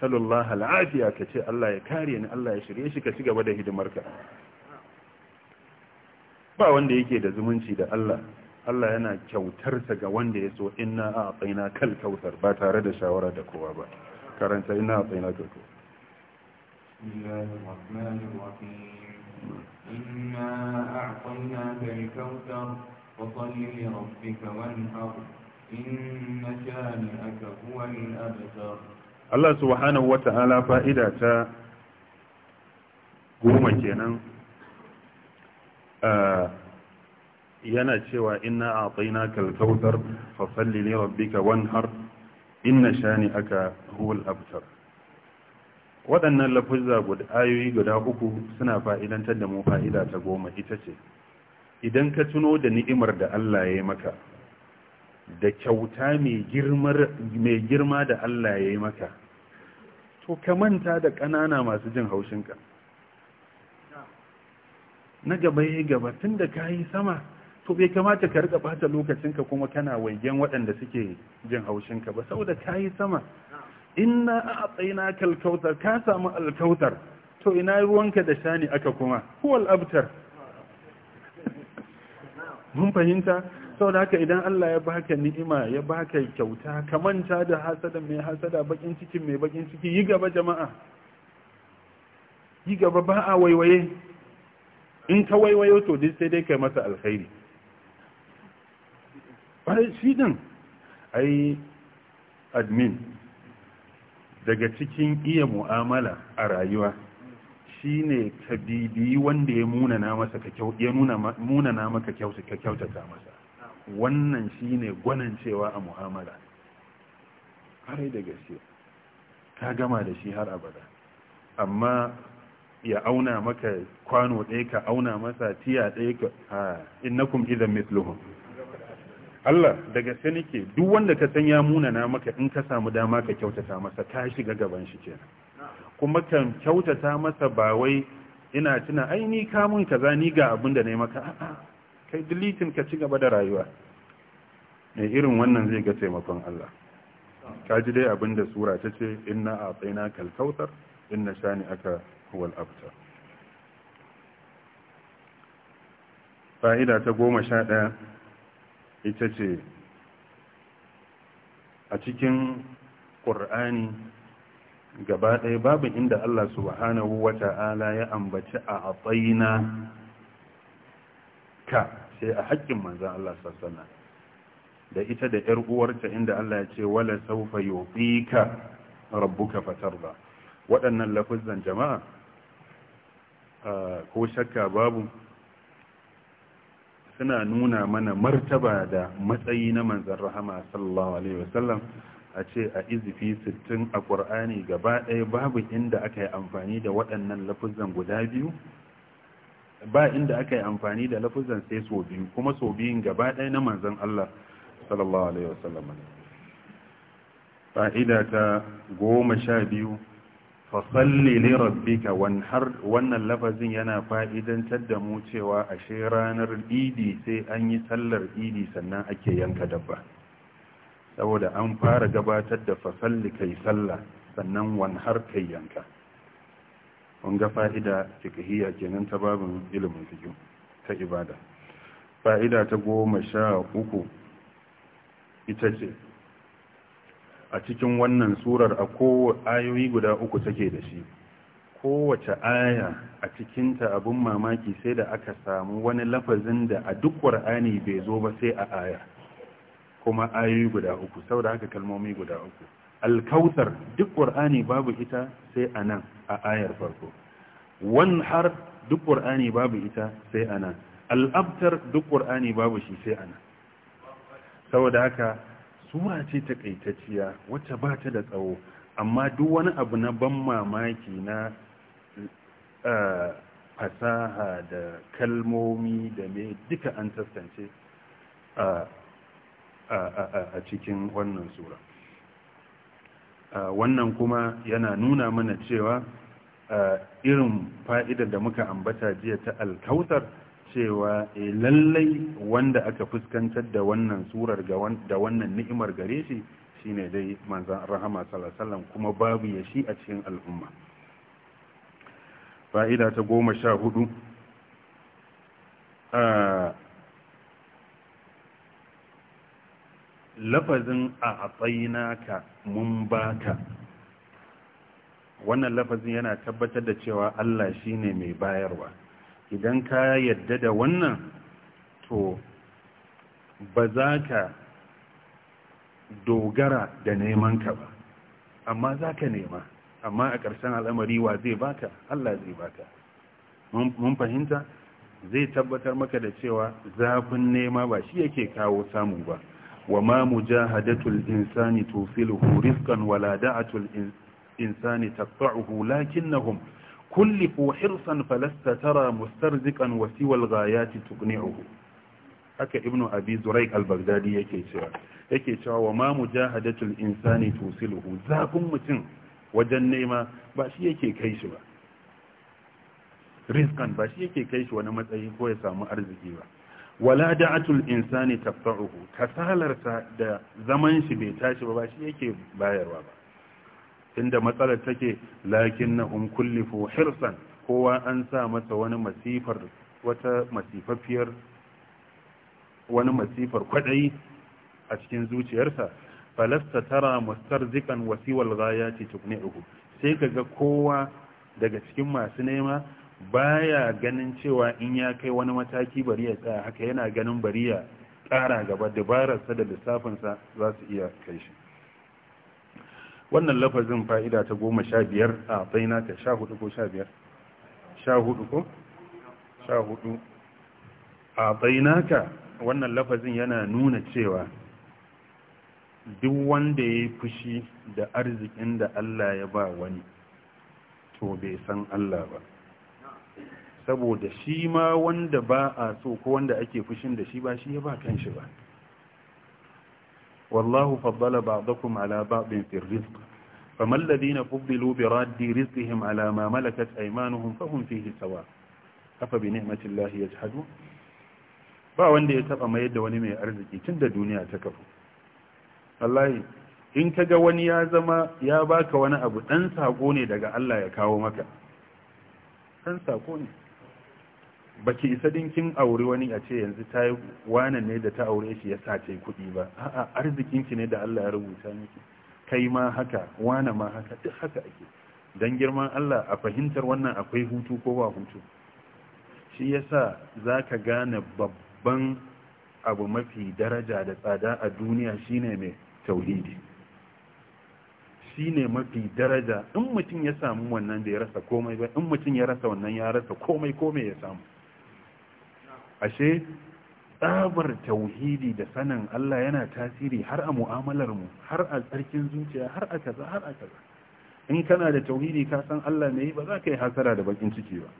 sallallahu al'afiya ka ce Allah ya kare ni Allah ya shirye shi ka ci gaba da hidimarka ba wanda yake da zumunci da Allah Allah yana kyautar ta ga wanda ya so inna a tsaina kal kautar ba tare da shawara da kowa ba karanta inna a tsaina kal kautar إنا أعطيناك الكوثر فصل لربك وانحر fa'idata goma kenan ah, yana cewa inna a'tainaka al-kautsar fa salli li rabbika wanhar inna aka huwal abtar waɗannan lafuzza guda ayoyi guda uku suna fa'idantar da mu fa'ida ta goma ita ce idan ka tuno da ni'imar da Allah ya yi maka da kyauta mai girma da Allah ya yi maka to ka manta da ƙanana masu jin haushinka na gaba ya gaba tun da ka yi sama to bai kamata ka rika bata lokacinka kuma kana waigen waɗanda suke jin haushinka ba saboda ka yi sama inna a tsayina kalkautar ka samu alkautar to ina ruwanka da shani aka kuma huwal abtar mun fahimta saboda haka idan Allah ya baka ni'ima ya baka kyauta ka manta da hasada mai hasada bakin ciki mai bakin ciki yi gaba jama'a yi gaba ba a waiwaye in ka waiwayo to dai sai dai kai masa alkhairi ai shi din ai admin daga cikin iya mu'amala a rayuwa shine ka bibiyi wanda ya munana masa maka kyauta ka kyautata masa wannan shine gwanan cewa a mu'amala kare da gaske ka gama da shi har abada amma ya auna maka kwano ɗaya ka auna masa tiya ɗaya ka innakum idan mithluhum Allah daga gaske nake duk wanda ka san ya munana maka in ka samu dama ka kyautata masa ka shiga gaban shi kenan kuma kan kyautata masa ba wai ina tuna ai ni ka mun kaza ni ga abin da nayi maka a'a kai dilitin ka ci gaba da rayuwa ne irin wannan zai ga taimakon Allah ka ji dai abin da sura ta ce inna a'tayna kal kautsar inna shani aka huwal abtar fa'ida ta goma sha ɗaya ita ce a cikin ƙur'ani gaba ɗaya babu inda Allah subhanahu wa ta'ala ya ambaci a atsayina ka sai a haƙƙin manzan Allah sassana da ita da ‘yar uwarta inda Allah ya ce wala saufa yofi ka rabbuka fatar ba waɗannan lafuzan jama'a ah, ko shakka babu suna nuna mana martaba da matsayi na manzan rahama sallallahu alaihi wasallam a ce a izifi sittin a ƙur'ani gaba ɗaya babu inda aka yi amfani da waɗannan lafuzan guda biyu ba inda aka yi amfani da lafuzan sai so biyu kuma so biyun gaba ɗaya na manzan Allah sallallahu alaihi wasallam fa'ida ta goma sha biyu fasalli li rabbika wanhar wannan lafazin yana fa'idantar da mu cewa ashe ranar idi sai an yi sallar idi sannan ake yanka dabba saboda an fara gabatar da fasalli kai sallah sannan wanhar kai yanka kun ga fa'ida fikhiya kenan ta babin ilimin fikihu ta ibada fa'ida ta goma sha uku ita ce a cikin wannan surar a kowace ayoyi guda uku take da shi kowace aya a cikinta abun mamaki sai da aka samu wani lafazin da a duk ƙwar'ani bai zo ba sai a aya kuma ayoyi guda uku sau da haka kalmomi guda uku alkautar duk ƙwar'ani babu ita sai a nan a ayar farko wan har duk ƙwar'ani babu ita sai a nan al'abtar duk ƙwar'ani babu shi sai a nan sau da haka sura ce takaitacciya wacce ba ta da tsawo amma duk wani abu na ban mamaki na eh, fasaha da kalmomi da me duka an taskance a cikin wannan sura wannan kuma yana nuna mana cewa irin fa'idar da muka ambata jiya ta alkautar cewa e lallai wanda aka fuskantar da wannan surar da wannan ni'imar gare shi shine dai manzan rahama sallallahu kuma babu ya shi a cikin al'umma fa'ida ta goma sha hudu lafazin a ka mun baka wannan lafazin yana tabbatar da cewa Allah shine mai bayarwa idan ka yadda da wannan to ba za ka dogara da neman ka ba amma za ka nema amma a ƙarshen al'amari wa zai baka Allah zai baka mun fahimta zai tabbatar maka da cewa zafin nema ba shi yake kawo samu ba wa ma mujahadatul insani tufiluhu rizqan wala da'atul insani taqta'uhu lakinnahum kullifu hirsan falasta tara mustarzikan wasiwal gayati tuqni'uhu haka ibnu abi zuraik al-baghdadi yake cewa yake cewa wa ma mujahadatul insani tusiluhu zafin mutum wajen nema ba shi yake kai shi ba rizqan ba shi yake kai shi wani matsayi ko ya samu arziki ba wala da'atul insani Tafta'uhu, kasalarsa da zaman shi bai tashi ba ba shi yake bayarwa ba inda matsalar take lakinnahum kullifu hirsan kowa an sa masa wani masifar wata masifafiyar wani masifar kwadai a cikin zuciyarsa falasta tara mustarzikan wasiwal ghayati uku sai kaga kowa daga cikin masu nema baya ganin cewa in ya kai wani mataki bari ya tsaya haka yana ganin bari ya ƙara gaba dabararsa da lissafinsa za su iya kai shi wannan lafazin fa'ida ta goma sha biyar a baina ta sha ko sha biyar a ta wannan lafazin yana nuna cewa duk wanda ya fushi da arzikin da Allah ya ba wani to bai san Allah ba saboda shi ma wanda ba a so ko wanda ake fushin da shi ba shi ya ba kanshi ba والله فضل بعضكم على بعض في الرزق فما الذين فضلوا براد رزقهم على ما ملكت أيمانهم فهم فيه سواء أفبنعمة الله يجحدون ba wanda ya taɓa mayar da wani mai arziki tun da duniya ta kafu wallahi in kaga wani ya zama ya baka wani abu dan sako ne daga Allah ya kawo maka dan ne baki isa dinkin aure wani a ce yanzu ta yi wane ne da ta aure shi ya sace kuɗi ba arzikin ki ne da Allah ya rubuta miki kai ma haka wane ma haka duk haka ake dan girman Allah a fahimtar wannan akwai hutu ko ba hutu shi yasa zaka gane babban abu mafi daraja da tsada a duniya shine mai tauhidi shine mafi daraja in mutum ya samu wannan da ya rasa komai ba in mutum ya rasa wannan ya rasa komai komai ya samu ashe tsabar tauhidi da sanin Allah yana tasiri har a mu'amalar mu har a tsarkin zuciya har a kaza har a kaza in kana da tauhidi ka san Allah ne ba za ka yi hasara da bakin ciki ba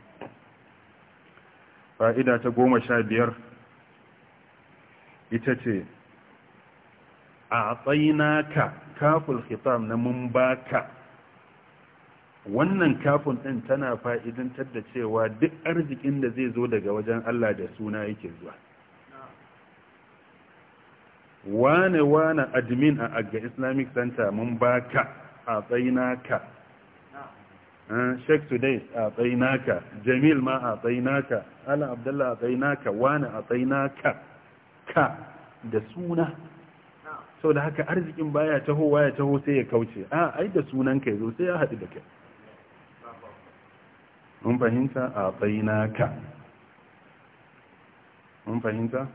fa'ida ta goma sha biyar ita ce a tsayinaka ka kafin khitam na mun baka wannan kafin ɗin tana fa'idantar da cewa duk arzikin da zai zo daga wajen Allah da suna yake zuwa wane wane admin a agga islamic center mun baka a tsayinaka eh, sheikh today a tsainaka jamil ma a tsainaka ala abdullah a tsainaka wane a tsainaka ka da suna sau da haka arzikin baya taho waya taho sai ya kauce a ah, ai da sunan ka yazo sai ya haɗu da kai mun fahimta a ka mun fahimta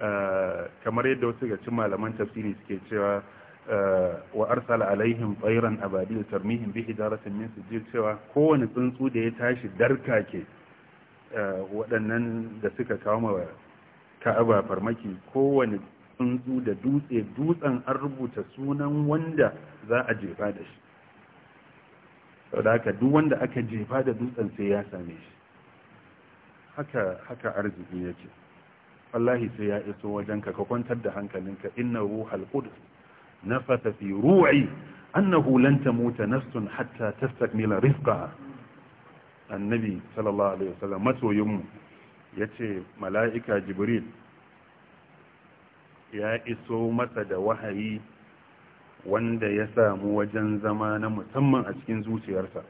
eh, kamar yadda wasu ga cin malaman tafsiri suke cewa eh, wa arsala alaihim tsairan tarmihin tarmihim bi hijaratin min sujjil cewa kowane tsuntsu da ya tashi darka ke eh, waɗannan da suka kawo ka'aba farmaki kowane tsuntsu da dutse dutsen an rubuta sunan wanda za a jefa da shi saboda duk wanda aka jefa da dutsen sai ya same shi haka haka arziki ce. wallahi sai ya iso wajenka ka kwantar da hankalinka inna ruhal qudus nafata fi ru'i annahu lan tamuta nafsun hatta tastakmila rizqaha annabi sallallahu alaihi wasallam masoyin mu yace mala'ika jibril ya iso masa da wahayi wanda ya samu wajen zama na musamman a cikin zuciyarsa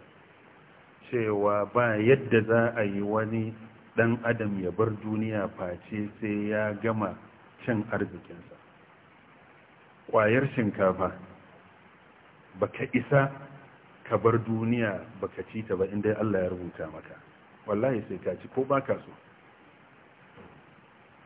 cewa ba yadda za a yi wani dan adam ya bar duniya face sai ya gama cin arzikinsa ƙwayar shinkafa Ba ka isa ka bar duniya ba ka ci ta ba inda Allah ya rubuta maka wallahi sai ka ci ko baka so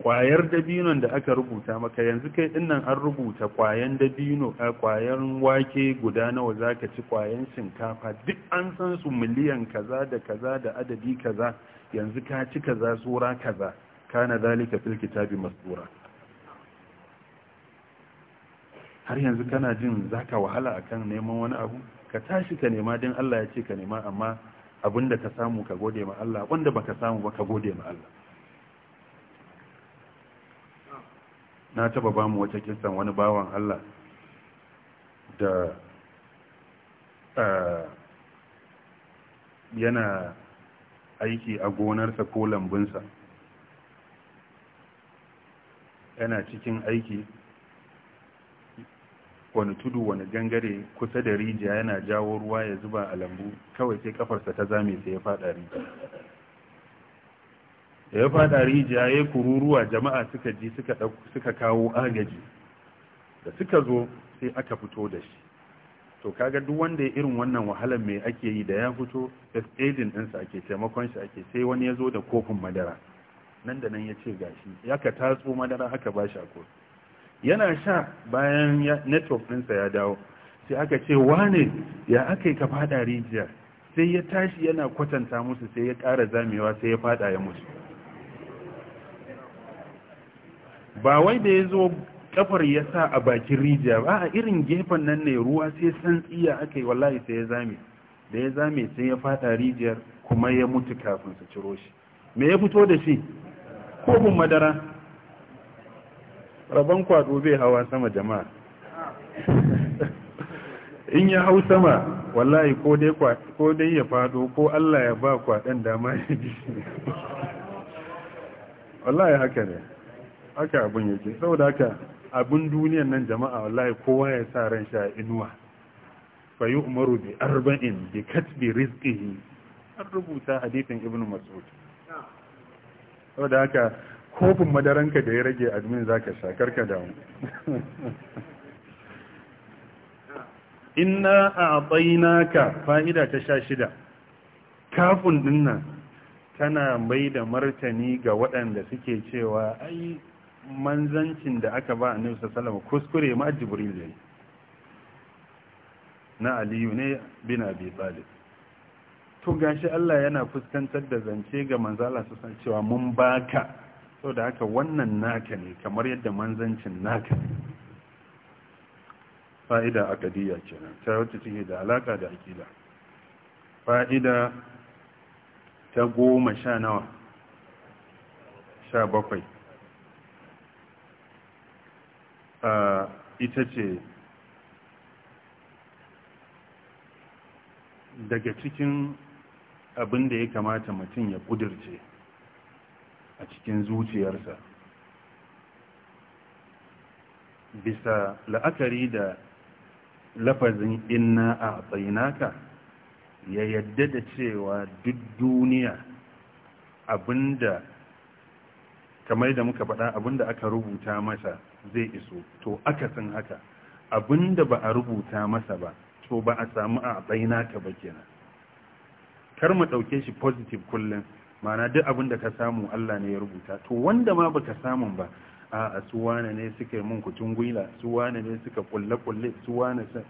kwayar dabinon da aka rubuta maka yanzu kai dinnan an rubuta kwayan dabino a kwayan wake guda nawa zaka ci kwayan shinkafa duk an san su miliyan kaza da kaza da adadi kaza yanzu ka ci kaza sura kaza kana zalika fil kitabi masdura har yanzu kana jin zaka wahala akan neman wani abu ka tashi ka nema din Allah ya ce ka nema amma abinda ka samu ka gode ma Allah wanda baka samu ba ka gode ma Allah na taba ba mu wata kisan wani bawan Allah da eh, yana aiki a gonarsa ko lambunsa yana cikin aiki wani tudu wani gangare kusa da rijiya yana jawo ruwa ya zuba a lambu kawai sai kafarsa ta zame sai ya fada rijiya da ya fada rijiya ya kururuwa jama'a suka ji suka kawo agaji da suka zo sai aka fito da shi to kaga duk wanda ya irin wannan wahalar mai ake yi da ya fito aidin ɗinsa ake taimakon shi ake sai wani ya zo da kofin madara nan da nan ya ce gashi ya ka tatso madara haka ba shi ako yana sha bayan network ɗinsa ya dawo sai aka ce wane ya aka yi ka fada rijiya sai ya tashi yana kwatanta musu sai ya ƙara zamewa sai ya fada ya musu ba wai da ya zo kafar ya sa a bakin rijiya ba a irin gefen nan ne ruwa sai san tsiya aka yi wallahi sai ya zame da ya zame sai ya fada rijiyar kuma ya mutu kafin su ciro shi me ya fito da shi kofin madara rabon kwado bai hawa sama jama'a in ya hau sama wallahi ko dai ya fado ko allah ya ba kwadon dama ya ji wallahi haka ne haka abin yake saboda haka abin duniyan nan jama'a wallahi kowa ya sa ran sha inuwa fa yu'maru bi arba'in bi katbi rizqihi an rubuta hadithin ibnu mas'ud saboda haka kofin madaranka da ya rage admin zaka sha karka damu inna a'tainaka fa'ida ta sha shida kafin dinnan tana mai da martani ga waɗanda suke cewa ai manzancin da aka ba annabi sallallahu salama kuskure ma jibril ne na aliyu ne bin abi talib to gashi Allah yana fuskantar da zance ga manzo Allah sallallahu alaihi cewa mun baka da haka wannan naka ne kamar yadda manzancin naka ne fa'ida akadiyya kenan ta wacce take da alaka da akila fa'ida ta goma sha nawa sha bakwai ita ce daga cikin abin da ya kamata mutum ya kudirce a cikin zuciyarsa bisa la'akari da lafazin inna a tsayinaka ya yadda da cewa duk duniya abinda kamar da muka faɗa abinda aka rubuta masa zai iso to aka san haka abinda ba a rubuta masa ba to ba a samu a baina ka ba kenan kar mu dauke shi positive kullum mana duk abin da ka samu Allah ne ya rubuta to wanda ma baka samu ba a a su wane ne suka mun kutun gwila su wane ne suka kulle kulle su wane sa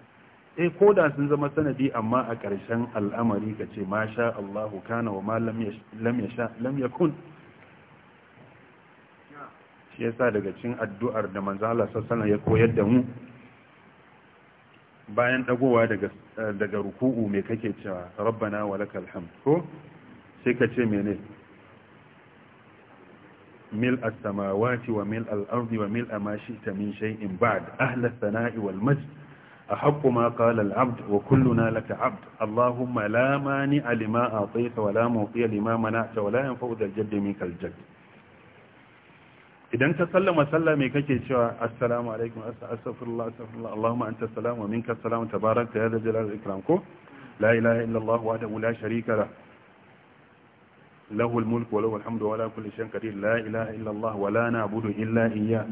eh ko da sun zama sanadi amma a ƙarshen al'amari ka ce masha Allahu kana wa ma lam yasha lam yakun shi yasa daga cikin addu'ar da manzo Allah sallallahu ya koyar da mu bayan dagowa daga daga ruku'u me kake cewa rabbana walakal hamd ko sai ka ce mene mil as-samawati wa mil al-ardi wa mil ma shi'ta min shay'in ba'd ahla sanai wal majd abd wa kulluna laka abd allahumma la اللهم لا مانع لما أعطيت ولا موقي لما منعت ولا ينفع ذا الجد منك الجد idan ka sallama sallame mai kake cewa assalamu alaikum astaghfirullah astaghfirullah allahumma anta salam wa minka salam tabarakta ya dal jalal ikram ko la ilaha illa allah wa la sharika la lahu almulk wa lahu alhamdu wa la kulli shay'in qadir la ilaha illa allah wa la na'budu illa iyyah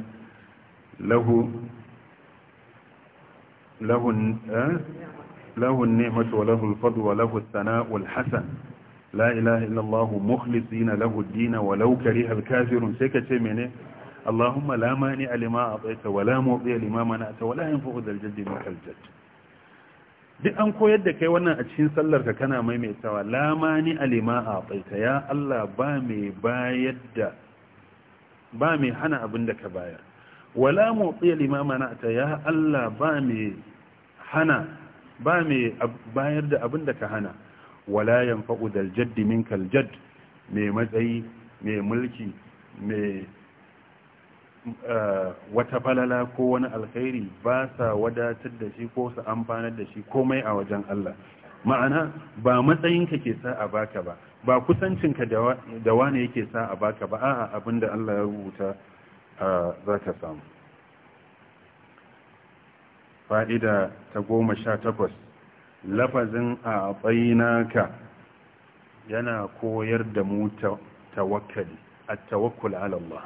lahu lahu eh? lahu an-ni'matu wa lahu al-fadlu wa lahu ath-thana'u al-hasan la ilaha illa allah mukhlisina lahu ad-din wa law kariha al-kafirun sai ka ce mene اللهم لا مانع لما أعطيت ولا موضي لما منعت ولا ينفع ذا الجد منك الجد duk an koyar da kai wannan a cikin sallar ka kana maimaitawa la mani alima a baita ya Allah ba mai bayar da ba mai hana abin da ka bayar wala motsi limama mana ta ya Allah ba mai hana ba mai bayar da abin da ka hana wala yanfa'u dal jaddi minkal kaljad mai matsayi mai mulki mai Eh, wata falala ko wani alkhairi ba sa wadatar da shi ko su amfanar da shi komai a wajen Allah ma'ana ba matsayinka ke sa a baka ba ba kusancinka da wani yake sa a baka ba a'a abinda Allah ya rubuta za ka samu fa'ida ta goma sha takwas lafazin a tsayinaka yana koyar da mu tawakkali a tawakkul Allah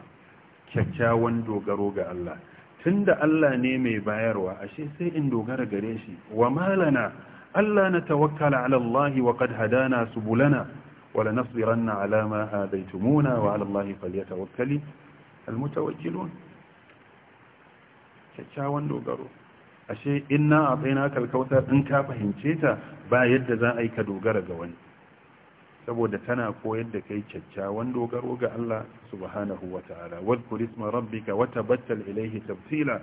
kyakkyawan dogaro ga Allah tunda Allah ne mai bayarwa ashe sai in dogara gare shi wa malana Allah na tawakkala ala Allah wa qad hadana subulana wa lanasbiranna ala ma hadaytumuna wa ala Allah falyatawakkali almutawakkilun kyakkyawan dogaro ashe inna a'tainaka alkawthar in ka fahince ta ba yadda za a yi ka dogara ga wani saboda tana koyar da kai kyakkyawan dogaro ga Allah subhanahu wa ta'ala rabbika wa tabattal ilayhi tabtila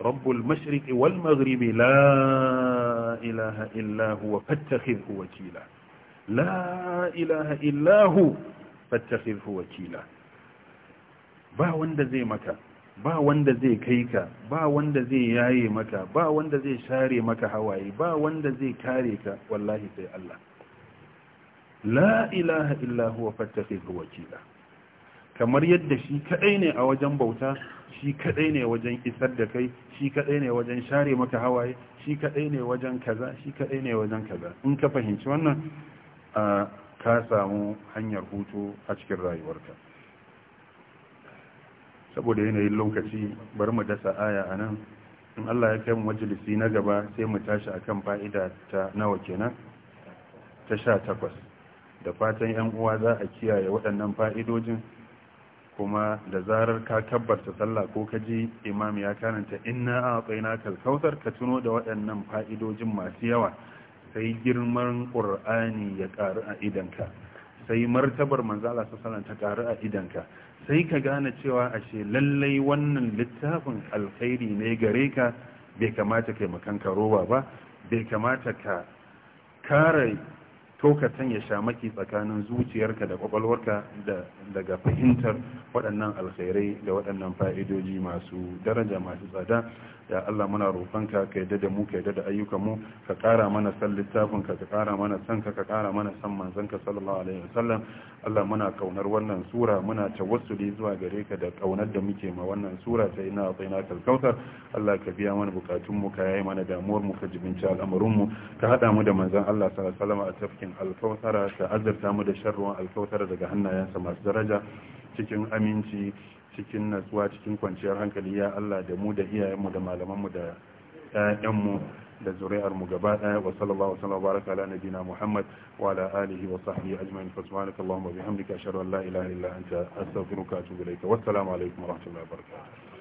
rabbul mashriki wal maghribi la ilaha illa huwa fattakhidhu wakila la ilaha illa hu fattakhidhu wakila ba wanda zai maka ba wanda zai kai ka ba wanda zai yaye maka ba wanda zai share maka hawaye ba wanda zai kare ka wallahi sai Allah la ilaha illa huwa fattakhidhu wakila kamar yadda shi kadai ne a wajen bauta shi kadai ne wajen isar da kai shi kadai ne wajen share maka hawaye shi kadai ne wajen kaza shi kadai ne wajen kaza in ka fahimci wannan ka samu hanyar hutu a cikin rayuwarka saboda yanayin lokaci bari mu dasa aya a nan in Allah ya kai mu majalisi na gaba sai mu tashi akan fa'ida ta nawa kenan ta sha takwas da fatan yan uwa za a kiyaye waɗannan fa'idojin kuma da zarar ka kabbarta sallah ko ka ji imam ya karanta inna a tsayina kalkautar ka tuno da waɗannan fa'idojin masu yawa sai girman ƙur'ani ya ƙaru a idanka sai martabar manzala su sanar ta ƙaru a idanka sai ka gane cewa ashe lallai wannan littafin alkhairi ne gare ka bai kamata kai makanka roba ba bai kamata ka kare to ka sanya shamaki tsakanin zuciyarka da kwakwalwarka daga fahimtar waɗannan alkhairai da waɗannan fa'idoji masu daraja masu tsada ya Allah muna roƙonka ka yadda da mu ka yadda da ayyukan mu ka ƙara mana san littafin ka ka ƙara mana san ka ka ƙara mana san manzon ka sallallahu alaihi wasallam Allah muna kaunar wannan sura muna tawassuli zuwa gare ka da kaunar da muke ma wannan sura ta ina atina kalkautar Allah ka biya mana bukatun mu ka yayi mana damuwar mu ka jibinci al'amuran mu ka hada mu da manzon Allah sallallahu alaihi wasallam a tafkin alkautara ka azurta mu da sharruwan alkautara daga hannayensa masu daraja cikin aminci cikin natsuwa cikin kwanciyar hankali ya Allah da mu da iyayenmu da malamanmu da ƴaƴanmu da zuri'armu gaba ɗaya wa sallallahu alaihi wa baraka ala nabina Muhammad wa ala alihi wa sahbihi ajma'in fa subhanaka allahumma bihamdika ashhadu an la ilaha illa anta astaghfiruka wa atubu ilayka wa assalamu alaikum wa rahmatullahi wa barakatuh